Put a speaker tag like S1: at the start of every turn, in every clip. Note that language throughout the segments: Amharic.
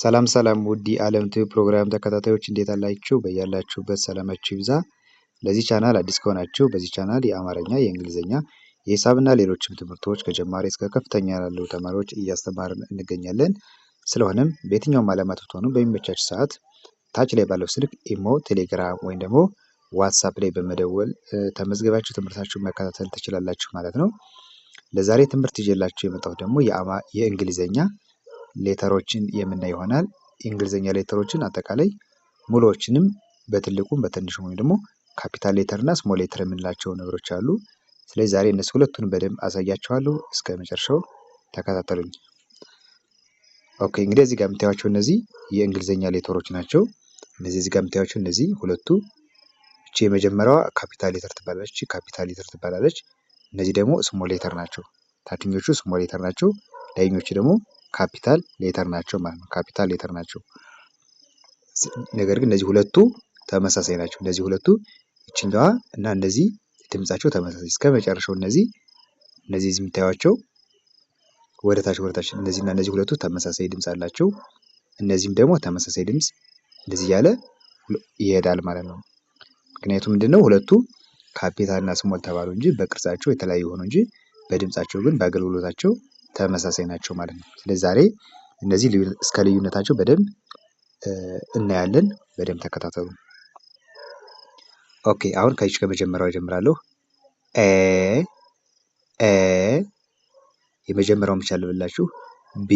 S1: ሰላም ሰላም ውድ የዓለም ቲቪ ፕሮግራም ተከታታዮች እንዴት አላችሁ? በያላችሁበት ሰላማችሁ ይብዛ። ለዚህ ቻናል አዲስ ከሆናችሁ በዚህ ቻናል የአማርኛ፣ የእንግሊዝኛ፣ የሂሳብና ሌሎችም ትምህርቶች ከጀማሪ እስከ ከፍተኛ ላሉ ተማሪዎች እያስተማርን እንገኛለን። ስለሆነም በየትኛውም ዓለማት ብትሆኑ በሚመቻችሁ ሰዓት ታች ላይ ባለው ስልክ ኢሞ፣ ቴሌግራም ወይም ደግሞ ዋትሳፕ ላይ በመደወል ተመዝግባችሁ ትምህርታችሁን መከታተል ትችላላችሁ ማለት ነው። ለዛሬ ትምህርት ይዤላችሁ የመጣሁት ደግሞ የእንግሊዝኛ ሌተሮችን የምናይ ይሆናል። የእንግሊዝኛ ሌተሮችን አጠቃላይ ሙሉዎችንም በትልቁም በትንሹም ወይም ደግሞ ካፒታል ሌተር እና ስሞል ሌተር የምንላቸው ነገሮች አሉ። ስለዚህ ዛሬ እነሱ ሁለቱን በደንብ አሳያችኋለሁ። እስከ መጨረሻው ተከታተሉኝ። ኦኬ እንግዲህ እዚህ ጋር የምታዩቸው እነዚህ የእንግሊዝኛ ሌተሮች ናቸው። እነዚህ እዚህ ጋር የምታዩቸው እነዚህ ሁለቱ እቺ የመጀመሪያዋ ካፒታል ሌተር ትባላለች። ካፒታል ሌተር ትባላለች። እነዚህ ደግሞ ስሞል ሌተር ናቸው። ታችኞቹ ስሞል ሌተር ናቸው። ላይኞቹ ደግሞ ካፒታል ሌተር ናቸው ማለት ነው። ካፒታል ሌተር ናቸው። ነገር ግን እነዚህ ሁለቱ ተመሳሳይ ናቸው። እነዚህ ሁለቱ ይችኛዋ እና እነዚህ ድምጻቸው ተመሳሳይ እስከ መጨረሻው እነዚህ እነዚህ እዚህ የምታዩቸው ወደታች ወደታች እነዚህና እነዚህ ሁለቱ ተመሳሳይ ድምፅ አላቸው። እነዚህም ደግሞ ተመሳሳይ ድምፅ እንደዚህ እያለ ይሄዳል ማለት ነው። ምክንያቱም ምንድነው ሁለቱ ካፒታልና ስሞል ተባሉ እንጂ በቅርጻቸው የተለያዩ ሆኑ እንጂ በድምጻቸው ግን በአገልግሎታቸው ተመሳሳይ ናቸው ማለት ነው። ስለዚህ ዛሬ እነዚህ እስከ ልዩነታቸው በደንብ እናያለን። በደንብ ተከታተሉ። ኦኬ አሁን ከይች ከመጀመሪያው እጀምራለሁ። ኤ ኤ የመጀመሪያውን ብቻ ልብላችሁ። ቢ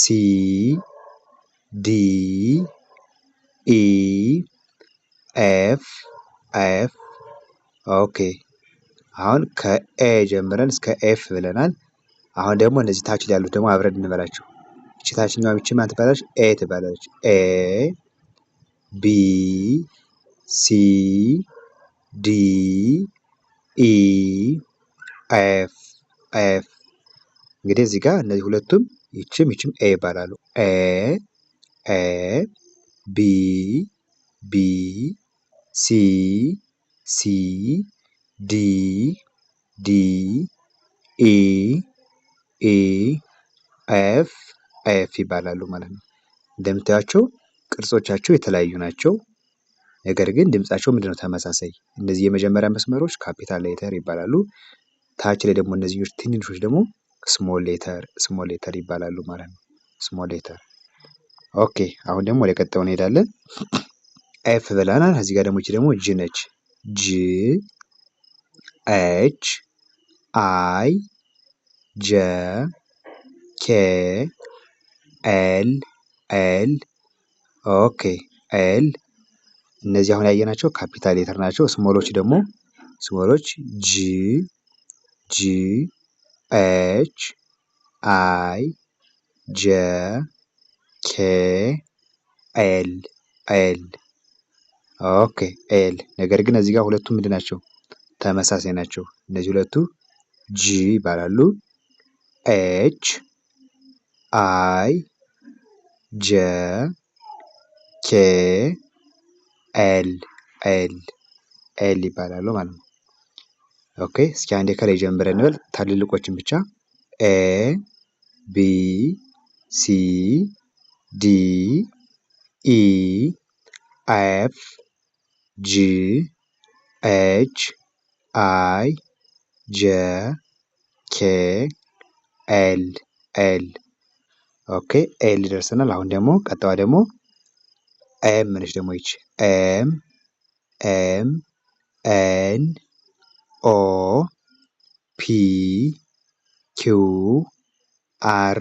S1: ሲ ዲ ኢ ኤፍ ኤፍ ኦኬ አሁን ከኤ ጀምረን እስከ ኤፍ ብለናል። አሁን ደግሞ እነዚህ ታች ያሉት ደግሞ አብረን እንበላቸው። እቺ ታችኛዋ ብቻ ማን ትባላለች? ኤ ትባላለች። ኤ ቢ ሲ ዲ ኢ ኤፍ ኤፍ እንግዲህ እዚህ ጋር እነዚህ ሁለቱም ይችም ይችም ኤ ይባላሉ። ኤ ኤ ቢ ቢ ሲ ሲ ዲ ዲ ኤ ኤ ኤፍ ኤፍ ይባላሉ ማለት ነው። እንደምታያቸው ቅርጾቻቸው የተለያዩ ናቸው። ነገር ግን ድምጻቸው ምንድነው ተመሳሳይ። እነዚህ የመጀመሪያ መስመሮች ካፒታል ሌተር ይባላሉ። ታች ላይ ደግሞ እነዚህ ትንንሾች ደግሞ ስሞል ሌተር ስሞል ሌተር ይባላሉ ማለት ነው። ስሞል ሌተር ኦኬ። አሁን ደግሞ ወደ ቀጣዩ እንሄዳለን። ኤፍ ብለናል። እዚህ ጋር ደግሞ ይቺ ደግሞ ጂ ነች። ጂ ኤች አይ ጄ ኬ ኤል ኤል ኦኬ ኤል እነዚህ አሁን ያየናቸው ካፒታል ሌተር ናቸው። ስሞሎች ደግሞ ስሞሎች ጂ ጂ ኤች አይ ጄ ኬ ኤል ኤል ኦኬ ኤል ነገር ግን እዚህ ጋር ሁለቱም ምንድን ናቸው? ተመሳሳይ ናቸው። እነዚህ ሁለቱ ጂ ይባላሉ። ኤች አይ ጀ ኬ ኤል ኤል ኤል ይባላሉ ማለት ነው። ኦኬ እስኪ አንዴ ከላይ ጀምረን እንበል ታልልቆችን ብቻ ኤ ቢ ሲ ዲ ኢ ኤፍ ጂ ኤች አይ ጀ ኬ ኤል ኤል ኦኬ ኤል ደርሰናል። አሁን ደግሞ ቀጣዋ ደግሞ ኤም ነች። ደግሞ ይች ኤም ኤም ኤን ኦ ፒ ኪው አር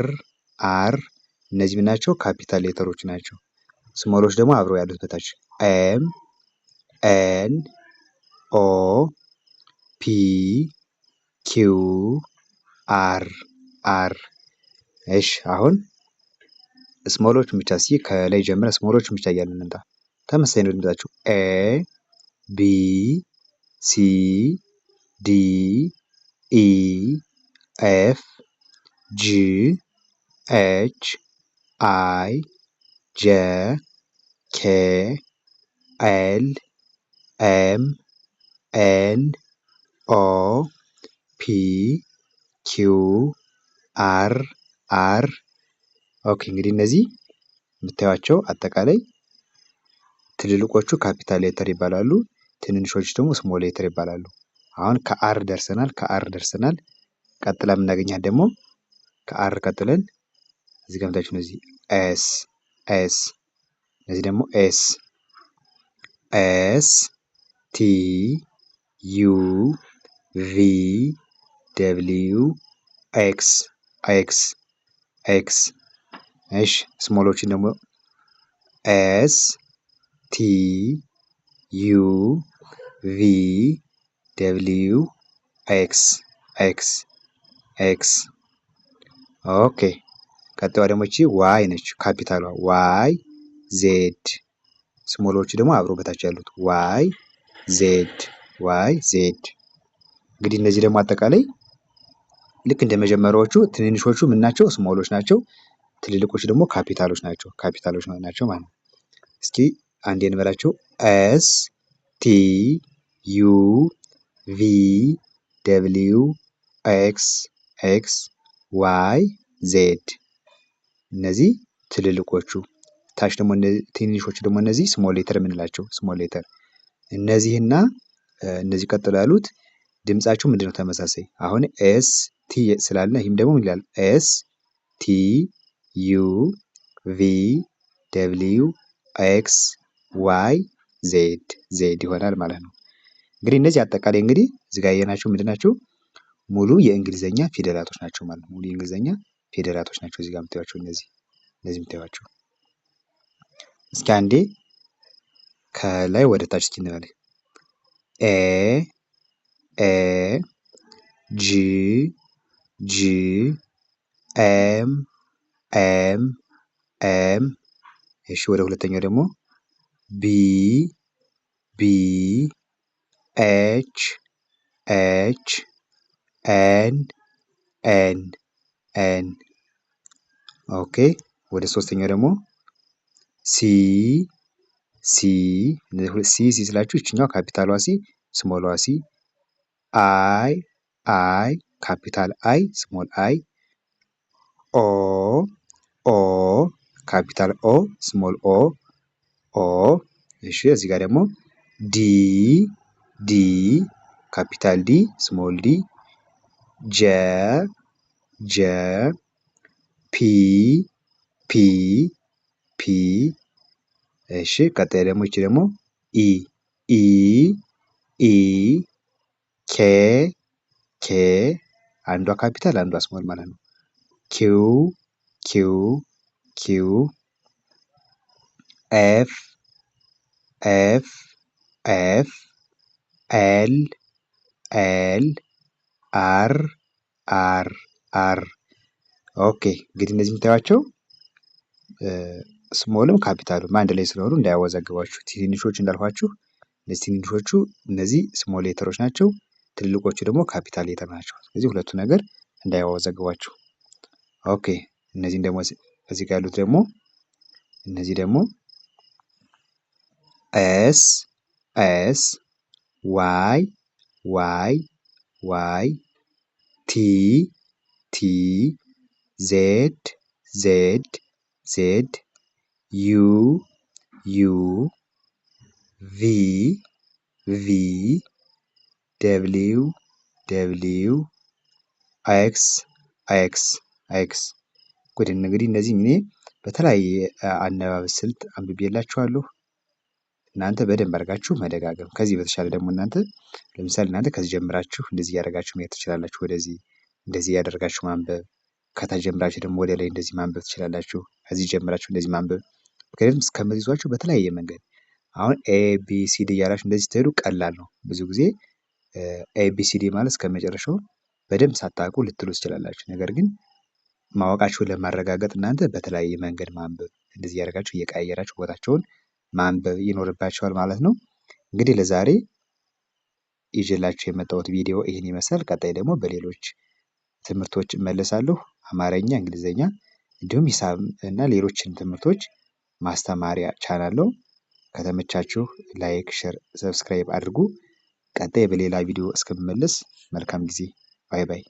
S1: አር እነዚህ ምን ናቸው? ካፒታል ሌተሮች ናቸው። ስሞሎች ደግሞ አብረው ያሉት በታች ኤም ኤን ኦ ፒ ኪው አር አር እሺ አሁን ስሞሎችን ብቻ እስኪ ከላይ ጀምረ ስሞሎችን ብቻ እያልን እንምጣ። ተመሳሳይ ነው ድምጻቸው ኤ ቢ ሲ ዲ ኢ ኤፍ ጂ ኤች አይ ጄ ኬ ኤል ኤም ኤን ኦ ፒ ኪው አር አር ኦኬ እንግዲህ እነዚህ የምታዩቸው አጠቃላይ ትልልቆቹ ካፒታል ሌተር ይባላሉ። ትንንሾቹ ደግሞ ስሞል ሌተር ይባላሉ። አሁን ከአር ደርሰናል ከአር ደርሰናል። ቀጥላ የምናገኛት ደግሞ ከአር ቀጥለን እዚህ ጋር ምታችሁ እነዚህ ኤስ ኤስ እነዚህ ደግሞ ኤስ ኤስ ቲ ዩ ቪ.ደብልዩ ኤክስ ኤክስ ኤክስ እሺ ስሞሎችን ደግሞ ኤስ ቲ ዩ ቪ ደብልዩ ኤክስ ኤክስ ኤክስ ኦኬ ቀጣዩ ደግሞ እቺ ዋይ ነች ካፒታሏ ዋይ ዜድ ስሞሎቹ ደግሞ አብረው በታች ያሉት ዋይ ዜድ ዋይ ዜድ እንግዲህ እነዚህ ደግሞ አጠቃላይ ልክ እንደ መጀመሪያዎቹ ትንንሾቹ ምን ናቸው? ስሞሎች ናቸው። ትልልቆቹ ደግሞ ካፒታሎች ናቸው። ካፒታሎች ናቸው ማለት ነው። እስኪ አንዴ እንበላቸው። ኤስ ቲ ዩ ቪ ደብሊው ኤክስ ኤክስ ዋይ ዜድ እነዚህ ትልልቆቹ። ታች ደግሞ ትንንሾቹ ደግሞ እነዚህ ስሞል ሌተር የምንላቸው ስሞል ሌተር እነዚህና እነዚህ ቀጥሎ ያሉት ድምጻቸው ምንድነው ተመሳሳይ አሁን ኤስ ቲ ስላለ ይህም ደግሞ ምን ይላል ኤስ ቲ ዩ ቪ ደብሊው ኤክስ ዋይ ዜድ ዜድ ይሆናል ማለት ነው። እንግዲህ እነዚህ አጠቃላይ እንግዲህ እዚህ ጋር ያየናቸው ምንድን ናቸው? ሙሉ የእንግሊዘኛ ፊደላቶች ናቸው ማለት ነው። ሙሉ የእንግሊዘኛ ፊደላቶች ናቸው። እዚህ ጋር የምታዩቸው እነዚህ እነዚህ የምታዩቸው እስኪ አንዴ ከላይ ወደ ታች እስኪ እንበል ኤ ኤ ጂ ጂ ኤም ኤም ኤም እሺ ወደ ሁለተኛው ደግሞ ቢ ቢ ኤች ኤች ኤን ኤን ኤን ኦኬ ወደ ሶስተኛው ደግሞ ሲ ሲ ሲ ሲ ስላችሁ ይችኛዋ ካፒታሏ ሲ ስሞሏ ሲ አይ አይ ካፒታል አይ ስሞል አይ ኦ ኦ ካፒታል ኦ ስሞል ኦ ኦ እሺ እዚህ ጋር ደግሞ ዲ ዲ ካፒታል ዲ ስሞል ዲ ጀ ጀ ፒ ፒ ፒ እሺ ቀጣይ ደግሞ ይቺ ደግሞ ኢ ኢ ኢ ኬ ኬ አንዷ ካፒታል አንዷ ስሞል ማለት ነው። ኪው ኪው ኪው ኤፍ ኤፍ ኤፍ ኤል ኤል አር አር አር ኦኬ እንግዲህ እነዚህ የምታዩቸው ስሞልም ካፒታሉም አንድ ላይ ስለሆኑ እንዳያወዛግባችሁ ትንንሾቹ እንዳልኳችሁ እነዚህ ትንንሾቹ እነዚህ ስሞል ሌተሮች ናቸው። ትልልቆቹ ደግሞ ካፒታል ሌተር ናቸው። ስለዚህ ሁለቱ ነገር እንዳያወዛግባችሁ። ኦኬ እነዚህን ደግሞ እዚህ ጋር ያሉት ደግሞ እነዚህ ደግሞ ኤስ ኤስ ዋይ ዋይ ዋይ ቲ ቲ ዜድ ዜድ ዜድ ዩ ዩ ቪ ቪ ደብልዩ ደብልዩ አይክስ አይክስ አይክስ ጉድ እንግዲህ እነዚህ እኔ በተለያየ አነባበስ ስልት አንብቤላችኋለሁ። እናንተ በደንብ አድርጋችሁ መደጋገም ከዚህ በተሻለ ደግሞ እናንተ ለምሳሌ እናንተ ከዚህ ጀምራችሁ እንደዚህ እያደረጋችሁ መሄድ ትችላላችሁ ወደዚህ እንደዚህ እያደረጋችሁ ማንበብ ከታች ጀምራችሁ ደግሞ ወደ ላይ እንደዚህ ማንበብ ትችላላችሁ ከዚህ ጀምራችሁ እንደዚህ ማንበብ ምክንያቱም እስከምትይዟቸው በተለያየ መንገድ አሁን ኤቢሲዲ እያላችሁ እንደዚህ ስትሄዱ ቀላል ነው ብዙ ጊዜ ኤቢሲዲ ማለት እስከመጨረሻው በደንብ ሳታውቁ ልትሉ ትችላላችሁ። ነገር ግን ማወቃችሁን ለማረጋገጥ እናንተ በተለያየ መንገድ ማንበብ እንደዚህ እያደረጋችሁ እየቀያየራችሁ ቦታቸውን ማንበብ ይኖርባቸዋል ማለት ነው። እንግዲህ ለዛሬ ይዤላችሁ የመጣሁት ቪዲዮ ይህን ይመስላል። ቀጣይ ደግሞ በሌሎች ትምህርቶች እመለሳለሁ። አማርኛ፣ እንግሊዘኛ እንዲሁም ሂሳብ እና ሌሎችን ትምህርቶች ማስተማሪያ ቻናለው ከተመቻችሁ ላይክ፣ ሸር፣ ሰብስክራይብ አድርጉ። ቀጣይ በሌላ ቪዲዮ እስክንመለስ መልካም ጊዜ ባይ ባይ